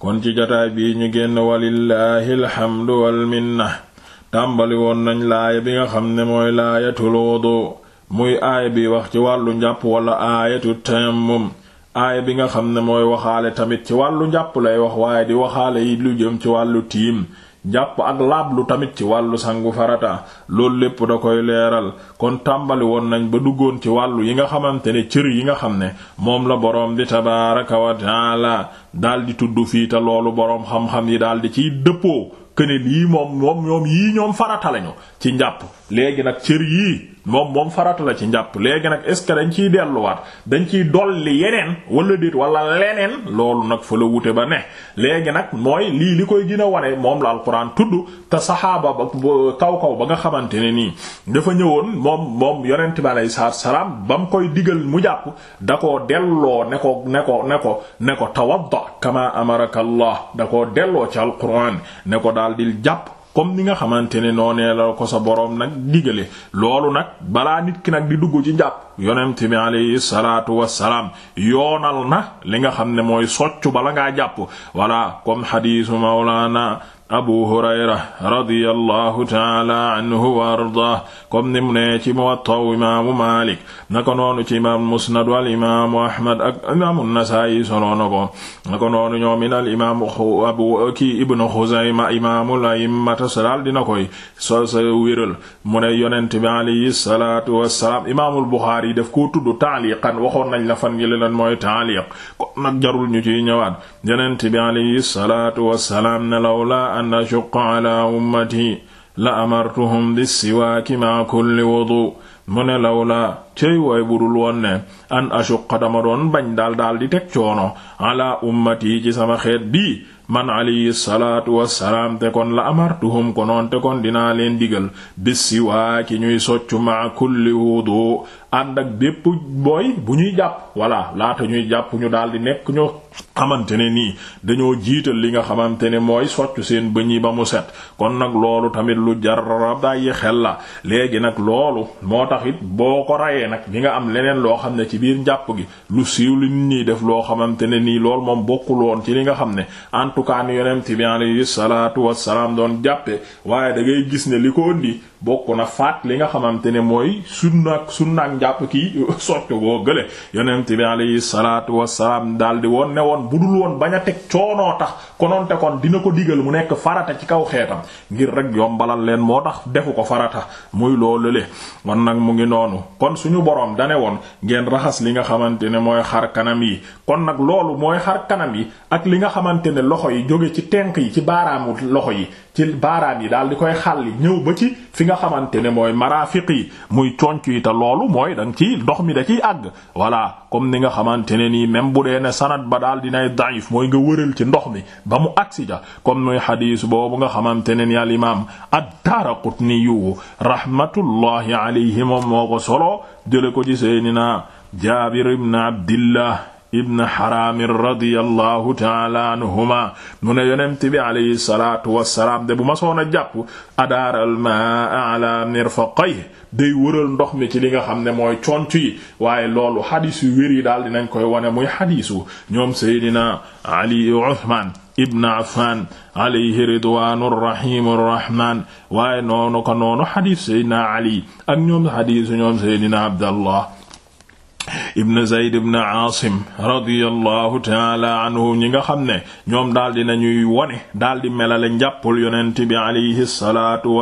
kon ci jotaay bii ñu génn walillaahi alxamdu walminna tàmbali woon nañ laaya bi nga xam ne mooy laayatul wudu muy aaya bi wax ci wàllu njàpp wala aayatu tayammum aaya bi nga xam ne mooy waxaale tamit ci wàllu njàpp lay wax waaye di waxaale yi lu jëm ci wàllu tiim jàpp ak laablu tamit ci wàllu sangu farata loolu lépp da koy leeral kon tàmbali woon nañ ba duggoon ci wàllu yi nga xamante ne cër yi nga xam ne moom la boroom di tabaaraka wa taala daldi tudd fii te loolu boroom xam-xam yi daldi ciy dëppoo këne yii moom moom ñoom yii ñoom farata lañu ci njàpp léegi nag cër yii moom moom farata la ci njàpp léegi nag est-ce que dañ ciy delluwaat dañ ciy dolli yeneen wala déet wala leneen loolu nag fa la wute ba ne léegi nag mooy lii li koy gën a wane moom la alxuraan tudd te saxaaba ba kaw kaw ba nga xamante ne nii dafa ñëwoon moom moom yonent bi alayhi salaatu salaam ba mu koy digal mu jàpp da koo delloo ne ko ne ko ne ko ne ko tawadda kama amaraka allah da koo delloo ci alxuraan ne ko daal di jàpp comme li nga xamante ne noonee la ko sa boroom nag digale loolu nag balaa nit ki nag di dugg ci jàpp yonent bi alayhi salaatu wassalaam yoonal na li nga xam ne mooy soccu bala ngaa jàpp walla comme xadiisu mawlaana abu hurayra radiyallahu taala anhu wa ardah comme ni mu nee ci muwatta imaamu malik nako noonu ci imaam musnad wal imaamu ahmad ak imaamu nasaayi solo na ko nako noonu ñoomin al imaam abu ki ibnu xuzayma imaamu dina koy so sa wéral mu ne yonent bi alayhi salaatu wassalaam imaamul buxaari daf koo tudd taaliqan waxoon nañ la fan yi lan mooy taaliq kon nag jarul ñu ciy ñëwaat yonent bi alayhi salaatu wassalaam ne lawla an ashuqa ala ummati la amartuhum di siwaaki ma kulli wudu mu ne lawla cëy bu budul woon ne an ashuqa dama doon bañ daal daal di teg coono ala ummati ci sama xeet bii man alayhi salaatu wassalaam te kon la amartuhum konoon te dinaa leen digal bis siwaaki ñuy soccu ma kulli wudu ànd ak bépp booy bu ñuy jàpp voilà laata ñuy jàpp ñu daal di nekk ñoo xamante ne nii dañoo jiital li nga xamante ne mooy soccu seen bëñ yi ba mu set kon nag loolu tamit lu jar bàyyi xel la léegi nag loolu moo tax it boo ko rayee nag di nga am leneen loo xam ne ci biir njàpp gi lu siiw li nit ñi def loo xamante ne nii loolu moom bokkul woon ci li nga xam ne en tout cas ni yonent bi alayhi salaatu wassalaam doon jàppe waaye da ngay gis ne li ko indi bokk na faat li nga xamante ne mooy njàpp kii socc boo gële yonent bi alayhi salaatu wassalaam daal di woon ne woon bu dul woon bañ a teg coonoo tax konoon te kon dina ko digal mu nekk farata ci kaw xeetam ngir rek yombalal leen moo tax defu ko farata muy loolu le wan nag mu ngi noonu kon suñu borom dane woon ngeen raxas li nga xamante ne mooy xar kanam yi kon nag loolu mooy xar kanam yi ak li nga xamante ne loxo yi jóge ci tenk yi ci baaraamu loxo yi ci baaraam yi daal di koy xàlli ñëw ba ci fi nga xamante ne mooy marafiq yi muy conc yi loolu mooy da ki ndox mi da ki àgg voilà comme ni nga xamante ne nii même bu dee ne sanad ba daal dinay daif mooy nga wërël ci ndox mi ba mu agsi ja comme nuy xadiis boobu nga xamante ne ni al imam ad-Daraqutni yu rahmatullahi alayhi moom solo jële ko ci seydina Jaabir ibn Abdillah ibn xaraamin radiyallahu taala anhuma mu ne yonent bi alayhi salaatu wassalaam de bu masoon a jàpp adaaral maa ala mirfaqay day wëral ndox mi ci li nga xam ne mooy conc waaye loolu xadiis yu wér yi daal dinañ koy wane muy xadiisu ñoom seydina ali uthman ibn affan alayhi ridwanu rahimu waaye noonu ko noonu xadiis seydina ali ak ñoom xadiisu ñoom seydina abdallah ibn zayd ibn aasim radiyallahu taala anhu ñi nga xam ne ñoom daal di nañuy wone daal di melale njàppul yonent bi alayhi salaatu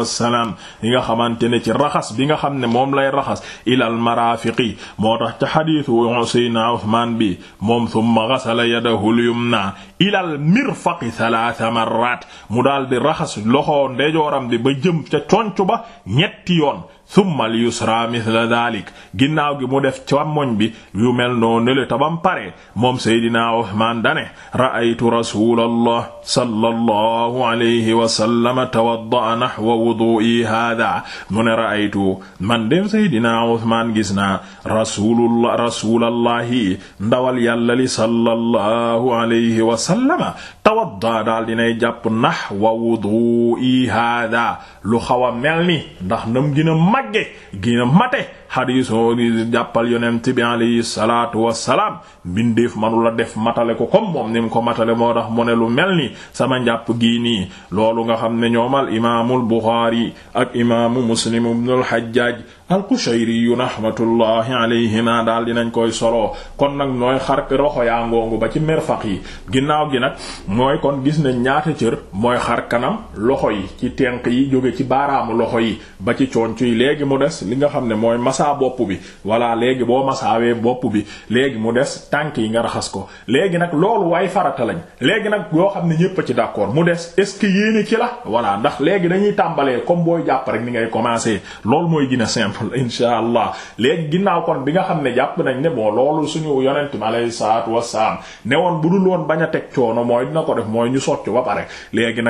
yi nga xamante ne ci raxas bi nga xam ne moom lay raxas ilal maraafiqi moo tax ca xadiisu Seydina Usmaan bi moom summa gasala yadahul yumna ilal mirfaqi thalatha marrat mu daal di raxas loxo ndeyjooram bi ba jëm ca conc ba ñetti yoon thumma al yusra mithla dhalik ginnaaw gi mu def càmmoñ bi yu mel noo nele tabam pare moom seydina Uthman dane ra'aytu rasulallah sallallahu alayhi wa sallam tawadda'a nahwa wudu'i hadha mu ne ra'aytu man dem seydina Uthman gis naa rasulullah rasulallahi ndawal yàlla li sallallahu alayhi wa wasallama tawadda daal dinay jàpp nahwa wudu'i hada lu xaw a mel ni ndax nam gën a màgge gën a mate xadiisoo di jàppal yonent bi alayhi salaatu wassalaam mbindeef manu def matale ko comme moom ni ko matale moo tax mu ne lu mel ni sama njàpp gii nii loolu nga xam ne ñoomal imaamul Buxaari ak imaamu Muslim ibnul Hajjaaj al-Qushayri rahmatullahi alayhima daal dinañ koy soloo kon nag nooy xar roxo yaa ngoongu ba ci merfaq yi ginnaaw gi nag mooy kon gis nañ ñaata cër mooy xar kanam loxo yi ci tenq yi jóge ci baaraamu loxo yi ba ci coonc yi léegi mu des li nga xam ne mooy masaa bopp bi walla léegi boo masaawee bopp bi léegi mu des tànk yi nga raxas ko léegi nag loolu waaye farata lañ léegi nag yoo xam ne ñépp a ci d'accord mu des est-ce que yéene ci la walla ndax léegi dañuy tàmbalee comme booy jàpp rek ni ngay commencer loolu mooy gën a simple insha allah léegi ginnaaw kon bi nga xam ne jàpp nañ ne bon loolu suñu yonent mi alayhi salaatu wasalaam ne woon bu dul woon bañ a teg coono mooy dina ko def mooy ñu soccu ba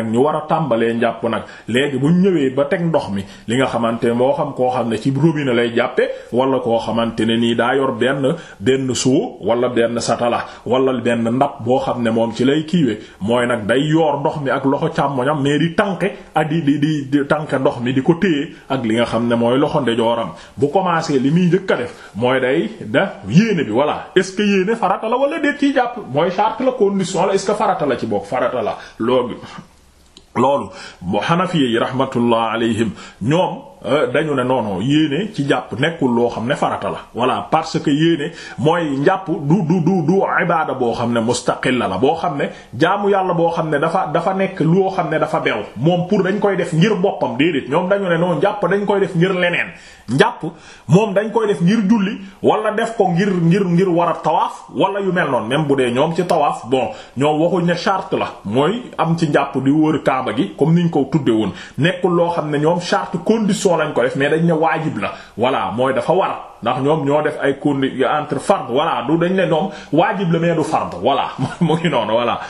ñu war a tàmbalee njàpp nag léegi bu ñëwee ba teg ndox mi li nga xamante ne moo xam koo xam ne ci robinet lay jàppe wala koo xamante ne nii daa yor benn benn suu wala benn satala wala benn ndab boo xam ne moom ci lay kiiwe mooy nag day yoor ndox mi ak loxo càmmoñam mais di tànke ak ah, di di di tànke ndox mi di ko téye ak li nga ndeyjooram bu commencé li muy njëkk a def mooy day da yéene bi voilà est ce que yéene farata la wala déet ciy jàpp mooy charte la condition la est farata la ci bokk farata la loolu loolu boo xanafiye yi rahmatullah alayhim ñoom Euh, dañu ne non non yéene ci jàpp nekkul loo xam ne farata la voilà parce que yéene mooy njàpp du du du du ibaada boo xam ne mustaqilla la boo xam ne jaamu yàlla boo xam ne dafa dafa nekk loo xam ne dafa bew moom pour dañ koy def ngir boppam déedéet ñoom dañu ne non njàpp dañ koy def ngir leneen njàpp moom dañ koy def ngir julli wala def ko ngir ngir ngir war a tawaaf wala yu mel noonu même bu dee ñoom ci tawaaf bon ñoom waxuñ ne charte la mooy am ci njàpp di wër kaaba gi comme niñ ko tudde woon nekkul loo xam ne ñoom charte condition façon lañ ko def mais dañ ne waajib la voilà mooy dafa war ndax ñoom ñoo def ay condi entre fard voilà du dañ ne ñoom waajib la mais du fard voilà mu ngi noonu la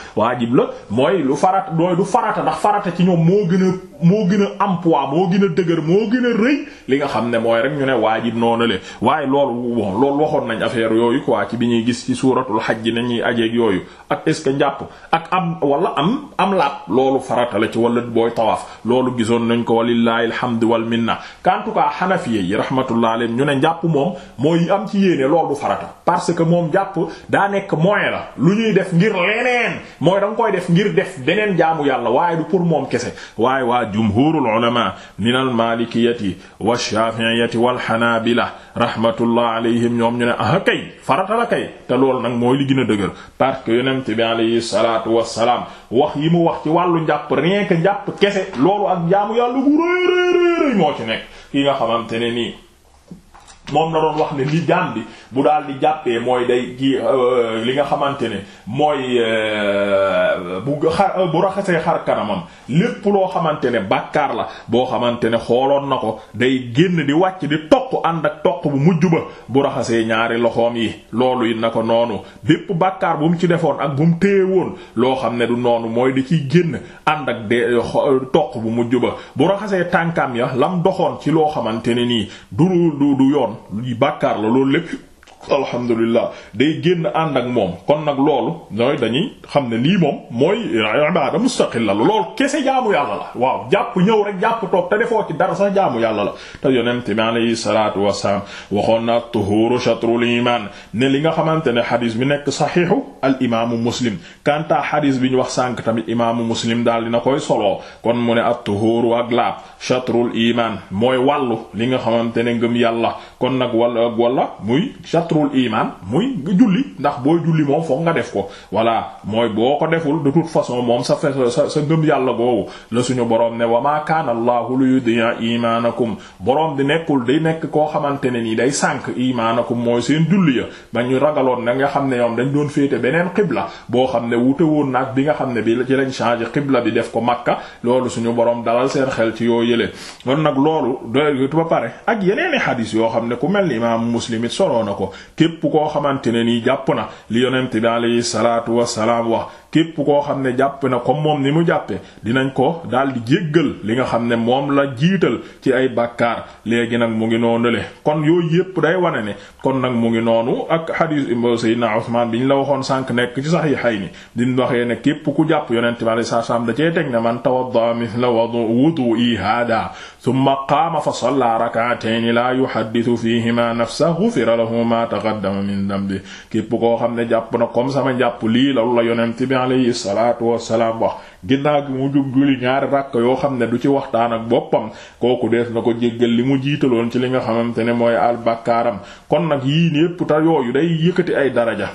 mooy lu farata dooy du farata ndax farata ci ñoom moo gën a moo gën am poids moo gën dëgër moo gën rëy li nga xam ne mooy rek ñu ne waajib noonu le waaye loolu bon loolu waxoon nañ affaire yooyu quoi ci bi ñuy gis ci suuratul xaj nañuy ajeeg yooyu ak est-ce que njàpp ak am wala am am laat loolu farata la ci wala booy tawaaf loolu gisoon nañ ko walillahi alhamdu wal minna en tout a xanafiye moom mooy am ci yéene loolu du farata parce que moom jàpp daa nekk moyen la lu ñuy def ngir leneen mooy da koy def ngir def beneen jaamu yàlla waaye du pour moom kese waaye waa jumhurul ulama min al malikiyati wa shafi'iyati wal hanabila rahmatullah alayhim ñoom ñu ne ah kay farata la kay te loolu nag mooy li gën a dëgër parce que yonent bi alayhi salatu wassalaam wax mu wax ci wàllu njàpp rien que njàpp kese loolu ak jaamu yàlla bu rëy rëy moo ci nekk ki nga xamante ne nii moom la doon wax ne li jaam bi bu daal di jàppee mooy day gi euh, li nga xamante ne mooy euh, bu xar euh, bu raxasee xar kanamam lépp loo xamante ne bàkkaar la boo xamante ne xooloon na ko day génn di wàcc di toq ànd ak toq bu mujj ba bu raxasee ñaari loxoom yi loolu it na ko noonu bépp bàkkaar bu mu ci defoon ak bu téye woon loo xam ne noonu mooy di ciy génn ànd ak toq bu mujj ba bu raxasee tànkam ya lam doxoon ci loo xamante ne nii du du du yoon lu bàkkaar la loolu lépp alhamdulilah day génn ànd ak moom kon nag loolu ñooy dañuy xam ne lii moom mooy ibaada mustaqilla la lool kese jaamu yàlla la waaw jàpp ñëw rek jàpp toog te ci dara sax jaamu yàlla la te yonent bi alayhi salaatu wasalaam waxoon na tuhuuru shatrul iman ne li nga xamante ne xadis bi nekk saxiixu al imaamu muslim kanta xadis bi ñu wax sànq tamit imaamu muslim daal dina koy soloo kon mu ne at tuhuuru ak laab shatrul iman mooy wàllu li nga xamante ne ngëm chatrul iman muy nga julli ndax booy julli moom foog nga def ko voilà mooy boo ko deful de toute façon moom sa sa sa ngëm yàlla googu la suñu boroom ne wa ma kaana allahu li yudi'a imanakum boroom di nekkul day nekk koo xamante ne nii day sànk imanakum mooy seen julli ya ba ñu ragaloon na nga xam ne ñoom dañ doon féete beneen xibla boo xam ne wute woon nag bi nga xam ne bi ci lañ changé xibla bi def ko makka loolu suñu boroom dalal seen xel ci yoo yëlee kon nag loolu doyut ba ak yoo xam ne ku képp koo xamante ne nii jàpp na li yonent bi alayhi salaatu wassalaam wax képp koo xam ne jàpp na comme moom ni mu jàppe dinañ ko daal di jéggal li nga xam ne moom la jiital ci ay bàkkaar léegi nag mu ngi noonu le kon yooyu yépp day wane ne kon nag mu ngi noonu ak hadis Seydina Usmaan bi ñu la waxoon sànq nekk ci Sahihayni di waxee ne képp ku jàpp yonent bi alayhi salaam da cee teg ne man tawadda mithla wudu'i hada thumma qaama fa salla rak'atayn la yuhaddithu fihima nafsahu ghufira lahu ma taqaddama min dhanbi képp koo xam ne jàpp na comme sama jàpp lii la yonent bi alayhi salaatu wassalaam wax ginnaaw gi mu jug julli ñaari rakk yoo xam ne du ci waxtaan ak boppam kooku dees na ko jéggal li mu jiitaloon ci li nga xamante ne mooy al bakkaaram kon nag yii yépp ta yooyu day yëkkati ay daraja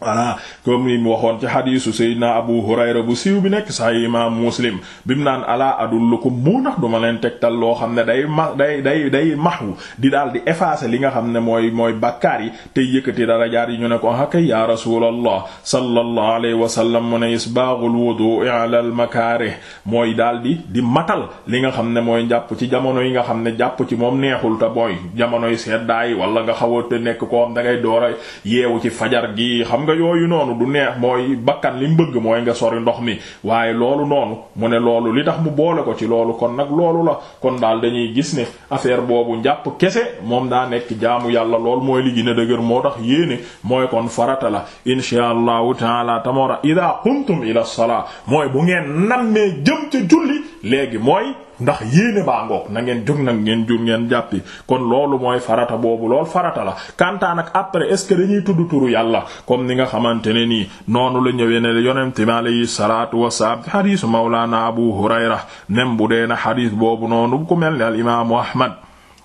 voilà comme ni mu waxoon ci xadiisu Seydina Abu Hurayra bu siiw bi nekk sax imaam Muslim bi mu naan alaa adullukum moo tax duma leen tegtal loo xam ne day ma day day day maxwu di daal di effacer li nga xam ne mooy mooy bakkaar yi te yëkkati darajaat yi ñu ne ko hakay ah, ya rasulallah sallallahu alayhi wa sallam mu ne isbaaghul wudu'i ala al makaarih mooy daal di di matal li nga xam ne mooy njàpp ci jamono yi nga xam ne jàpp ci moom neexul te mooy jamonoy seddaay wala nga xaw te nekk koo xam door a yeewu ci fajar gi xam nga yooyu noonu du neex mooy bakkan li mu bëgg mooy nga sori ndox mi waaye loolu noonu mu ne loolu li tax mu boole ko ci loolu kon nag loolu la kon daal dañuy gis ne affaire boobu njàpp kese moom daa nekk jaamu yàlla lool mooy li gën dëgër moo tax yéene mooy kon farata la insha allahu taala tamoora ida qumtum ila salaa mooy bu ngeen nammee jëm ca julli léegi mooy ndax yéene baa ngoog na ngeen jóg nag ngeen jur ngeen jàppi kon loolu mooy farata boobu lool farata la kantaanak nag après est ce que dañuy tudd turu yàlla comme ni nga xamante ne nii noonu la ñëwee ne yonente salaatu wa salaatu wasalaam xadiisu mawlaana abu hurayra nem bu dee na xadiis boobu noonu ku mel ni al imaamu ahmad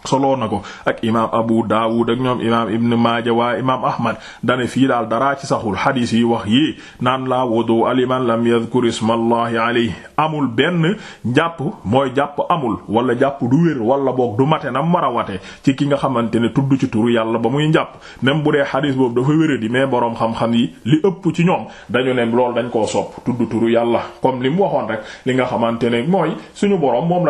soloo na ko ak imaam Abu Dawud ak ñoom imaam Ibn Maaja waaye imaam Ahmad dane fii daal daraa ci saxul xadiis yi wax yii naan laa wudu aliman lam yadhkur ismallahi alayhi amul benn jàpp mooy jàpp amul wala jàpp du wér wala boog du mate nam war a wate ci ki nga xamante ne tudd ci turu yàlla ba muy njàpp même bu dee xadiis boobu dafa wéradi mais boroom xam-xam yi li ëpp ci ñoom dañu ne lool dañ koo sopp tudd turu yàlla comme li waxoon rek li nga xamante ne mooy suñu boroom moom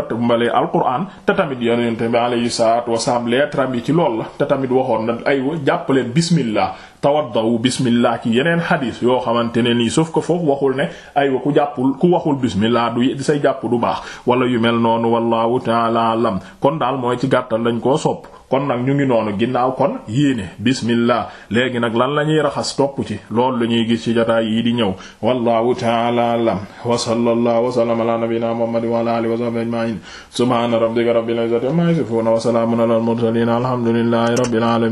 salaatu wasalaam lettre am yi ci lool la tamit waxoon na aywa jàppaleen bismillah tawaddawu bismillah ci yeneen xadiis yoo xamante ne nii sauf que foofu waxul ne aywa ku jàppul ku waxul bismillah du say jàpp du baax wala yu mel noonu wallahu taala lam kon daal mooy ci gàttal dañ ko sopp kon nag ñu ngi noonu ginnaaw kon yéene bismillah léegi nag lan la ñuy raxas topp ci lool la ñuy gis ci jotaay yi di ñëw wallahu taala alam wa sallallahu wa sallama ala nabiyyina muhammad wa ala alihi wa sahbihi